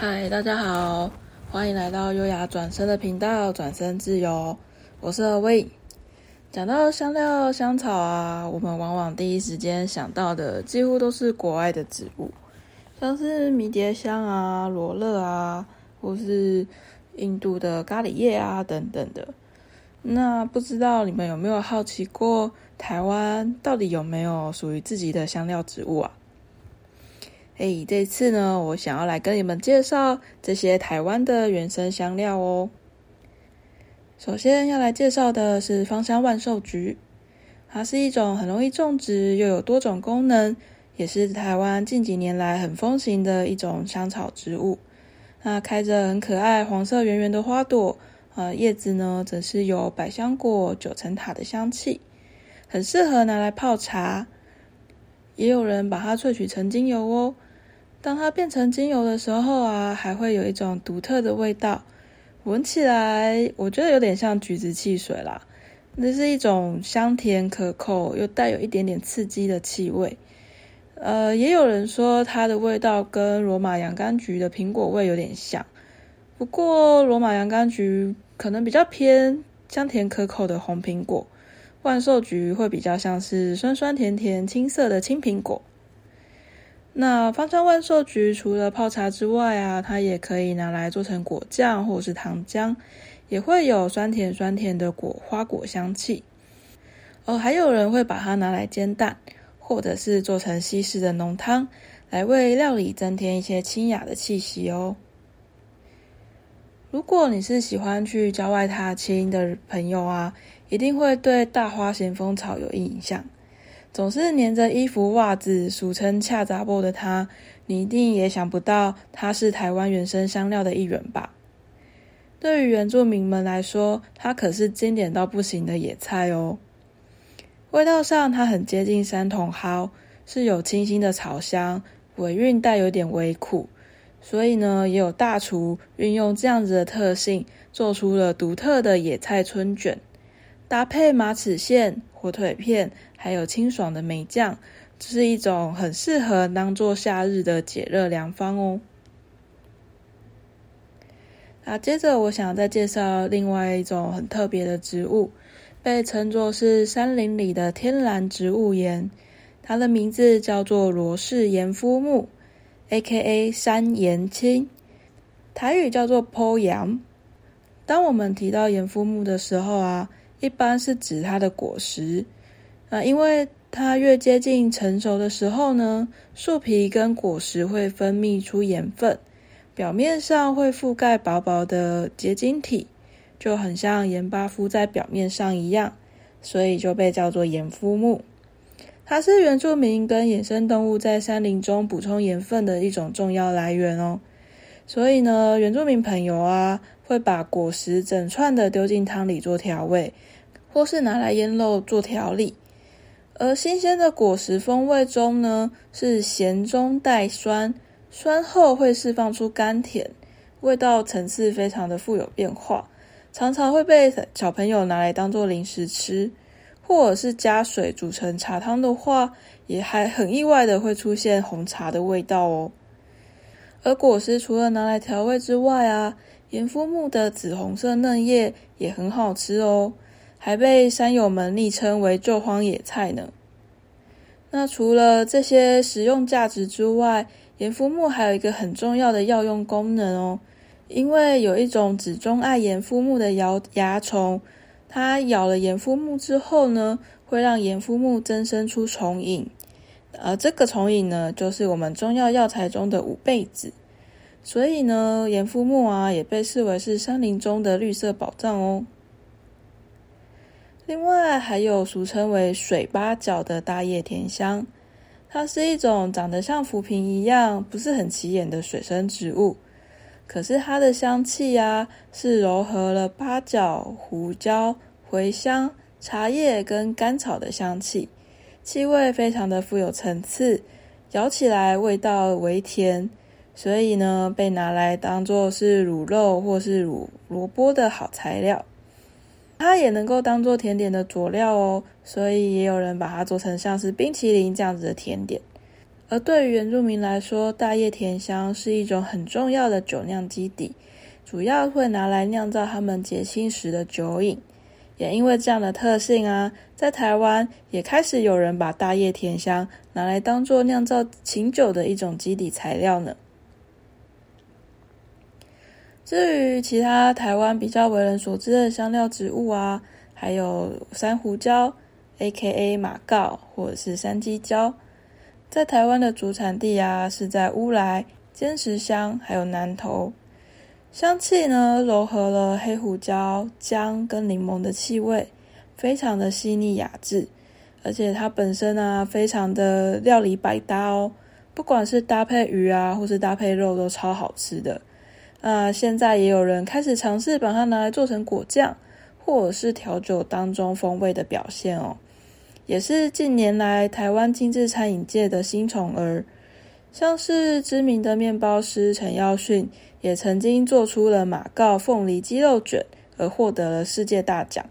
嗨，大家好，歡迎來到優雅轉身的頻道，轉身自由，我是阿威。講到香料、香草啊，我們往往第一時間想到的，幾乎都是國外的植物，像是迷迭香啊、羅勒啊，或是印度的咖喱葉啊等等的。那不知道你們有沒有好奇過，台灣到底有沒有屬於自己的香料植物啊？哎、欸，這次呢，我想要來跟你們介紹這些台灣的原生香料哦。首先要來介紹的是芳香萬壽菊，它是一種很容易種植又有多種功能，也是台灣近幾年來很風行的一種香草植物。那開着很可愛黃色圓圓的花朵，呃，葉子呢則是有百香果、九層塔的香氣，很適合拿來泡茶，也有人把它萃取成精油哦。當它變成精油的時候啊，還會有一種獨特的味道，聞起來我覺得有點像橘子汽水啦。那是一種香甜可口又帶有一點點刺激的氣味。呃，也有人說它的味道跟羅馬洋甘菊的蘋果味有點像，不過羅馬洋甘菊可能比較偏香甜可口的紅蘋果，萬壽菊會比較像是酸酸甜甜青澀的青蘋果。那芳香萬壽菊除了泡茶之外啊，它也可以拿來做成果醬或者是糖漿，也會有酸甜酸甜的果花果香氣哦。而還有人會把它拿來煎蛋，或者是做成西式的濃湯，來為料理增添一些清雅的氣息哦。如果你是喜歡去郊外踏青的朋友啊，一定會對大花咸豐草有印象。總是黏着衣服、襪子，俗稱恰雜布的他，你一定也想不到他是台灣原生香料的一員吧？對於原住民們來說，它可是經典到不行的野菜哦。味道上，它很接近山茼蒿，是有清新的草香，尾韻帶有點微苦，所以呢，也有大廚運用這樣子的特性，做出了獨特的野菜春卷，搭配馬齒莧，火腿片，還有清爽的梅醬，這、就是一種很適合當做夏日的解熱良方哦。那、啊、接着，我想再介紹另外一種很特別的植物，被稱作是山林裡的天然植物鹽，它的名字叫做羅氏鹽膚木 （A.K.A. 山鹽青），台語叫做坡鹽。當我們提到鹽膚木的時候啊。一般是指它的果實啊，因為它越接近成熟的時候呢，樹皮跟果實會分泌出鹽分，表面上會覆蓋薄薄的結晶體，就很像鹽巴敷在表面上一樣，所以就被叫做鹽膚木。它是原住民跟野生動物在山林中補充鹽分的一種重要來源哦。所以呢，原住民朋友啊，會把果實整串的丟進湯裡做調味，或是拿來醃肉做調理。而新鮮的果實風味中呢，是鹹中帶酸，酸後會釋放出甘甜，味道層次非常的富有變化，常常會被小朋友拿來當做零食吃，或者是加水煮成茶湯的話，也還很意外的會出現紅茶的味道哦。而果實除了拿來調味之外啊，鹽膚木的紫紅色嫩葉也很好吃哦，還被山友們昵稱為“救荒野菜”呢。那除了這些食用價值之外，鹽膚木還有一個很重要的藥用功能哦，因為有一種只鍾愛鹽膚木的牙蚜蟲，它咬了鹽膚木之後呢，會讓鹽膚木增生出蟲癭。而、啊、這個蟲癭呢，就是我們中藥藥材中的五倍子，所以呢，鹽膚木啊，也被視為是森林中的綠色寶藏哦。另外，還有俗稱為水八角的大葉田香，它是一種長得像浮萍一樣不是很起眼的水生植物，可是它的香氣啊，是揉合了八角、胡椒、茴香、茶葉跟甘草的香氣。氣味非常的富有層次，咬起來味道微甜，所以呢，被拿來當做是滷肉或是滷蘿蔔的好材料。它也能夠當做甜點的佐料哦，所以也有人把它做成像是冰淇淋這樣子的甜點。而對於原住民來說，大葉甜香是一種很重要的酒釀基底，主要會拿來釀造他們節慶時的酒飲。也因為這樣的特性啊，在台灣也開始有人把大葉甜香拿來當做釀造琴酒的一種基底材料呢。至於其他台灣比較為人所知的香料植物啊，還有山胡椒 （A.K.A. 馬告）或者是山雞椒，在台灣的主產地啊是在烏來、尖石鄉、還有南投。香氣呢，揉合了黑胡椒、薑跟檸檬的氣味，非常的細膩雅致。而且它本身呢、啊，非常的料理百搭哦，不管是搭配魚啊，或是搭配肉，都超好吃的。那、啊、現在也有人開始嘗試把它拿來做成果醬，或者是調酒當中風味的表現哦，也是近年來台灣精緻餐飲界的新寵兒。像是知名的麵包師陳耀訓，也曾經做出了馬告鳳梨雞肉卷，而獲得了世界大獎。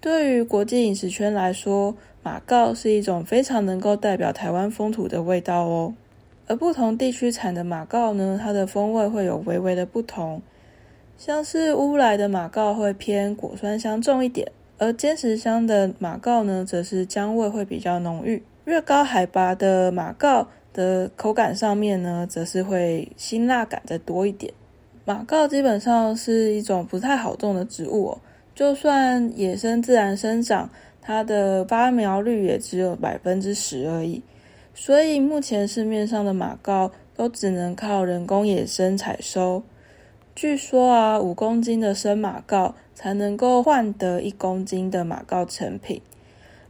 對於國際飲食圈來說，馬告是一種非常能夠代表台灣風土的味道哦。而不同地區產的馬告呢，它的風味會有微微的不同。像是烏來的馬告會偏果酸香重一點，而尖石鄉的馬告呢，則是薑味會比較濃郁。越高海拔的馬告的口感上面呢，則是會辛辣感再多一點。馬告基本上是一種不太好種的植物哦，就算野生自然生長，它的發苗率也只有百分之十而已。所以目前市面上的馬告都只能靠人工野生採收。據說啊，五公斤的生馬告才能夠換得一公斤的馬告成品。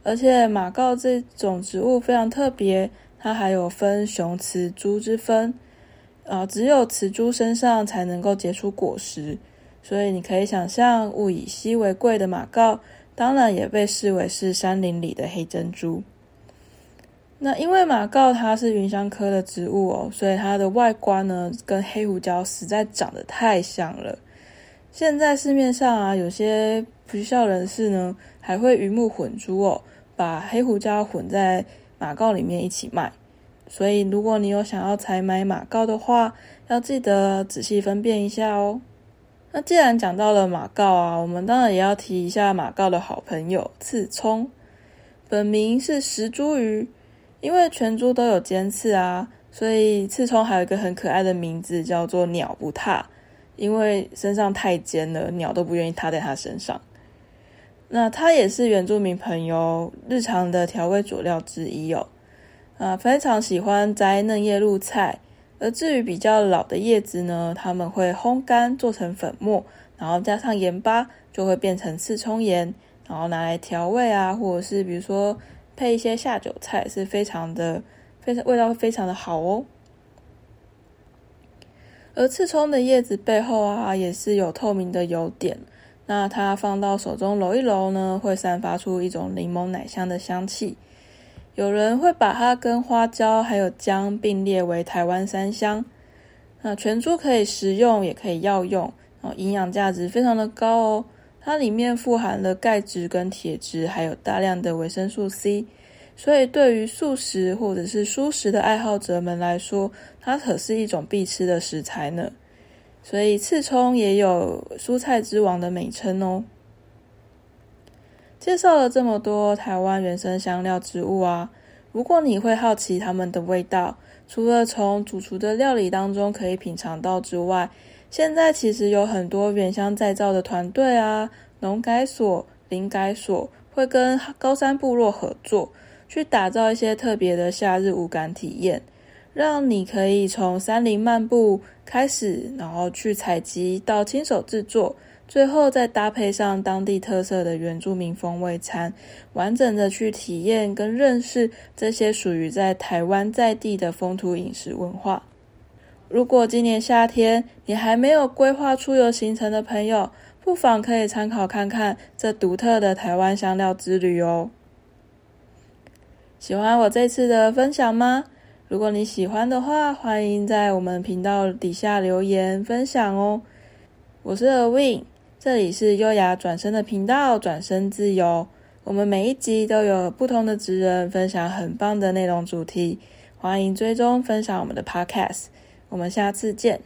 而且馬告這種植物非常特別。它還有分雄雌株之分，啊，只有雌株身上才能夠結出果實，所以你可以想象物以稀為貴的馬告，當然也被視為是山林裡的黑珍珠。那因為馬告它是芸香科的植物哦，所以它的外觀呢跟黑胡椒實在長得太像了。現在市面上啊，有些不肖人士呢還會魚目混珠哦，把黑胡椒混在馬告裡面一起賣，所以如果你有想要採買馬告的話，要記得仔細分辨一下哦。那既然講到了馬告啊，我們當然也要提一下馬告的好朋友刺蔥，本名是食茱萸，因為全株都有尖刺啊，所以刺蔥還有一個很可愛的名字叫做鳥不踏，因為身上太尖了，鳥都不願意踏在它身上。那它也是原住民朋友日常的調味佐料之一哦。啊，非常喜歡摘嫩葉入菜，而至於比較老的葉子呢，他們會烘乾做成粉末，然後加上鹽巴，就會變成刺蔥鹽，然後拿來調味啊，或者是比如說配一些下酒菜，是非常的非常味道非常的好哦。而刺蔥的葉子背後啊，也是有透明的油點。那它放到手中揉一揉呢，會散發出一種檸檬奶香的香氣。有人會把它跟花椒還有薑並列為台灣三香。那全株可以食用，也可以藥用哦，營養價值非常的高哦。它裡面富含了鈣質跟鐵質，還有大量的維生素 C，所以對於素食或者是蔬食的愛好者們來說，它可是一種必吃的食材呢。所以刺蔥也有蔬菜之王的美稱哦。介紹了這麼多台灣原生香料植物啊，如果你會好奇它們的味道，除了從主廚的料理當中可以品嘗到之外，現在其實有很多原鄉再造的團隊啊、農改所、林改所會跟高山部落合作，去打造一些特別的夏日五感體驗。讓你可以從山林漫步開始，然後去採集，到親手制作，最後再搭配上當地特色的原住民風味餐，完整的去體驗跟認識這些屬於在台灣在地的風土飲食文化。如果今年夏天你還沒有規劃出遊行程的朋友，不妨可以參考看看這獨特的台灣香料之旅哦。喜歡我這次的分享嗎？如果你喜歡的話，歡迎在我們頻道底下留言分享哦。我是 Awind，這裡是優雅轉身的頻道，轉身自由。我們每一集都有不同的職人分享很棒的內容主題，歡迎追蹤分享我們的 Podcast。我們下次見。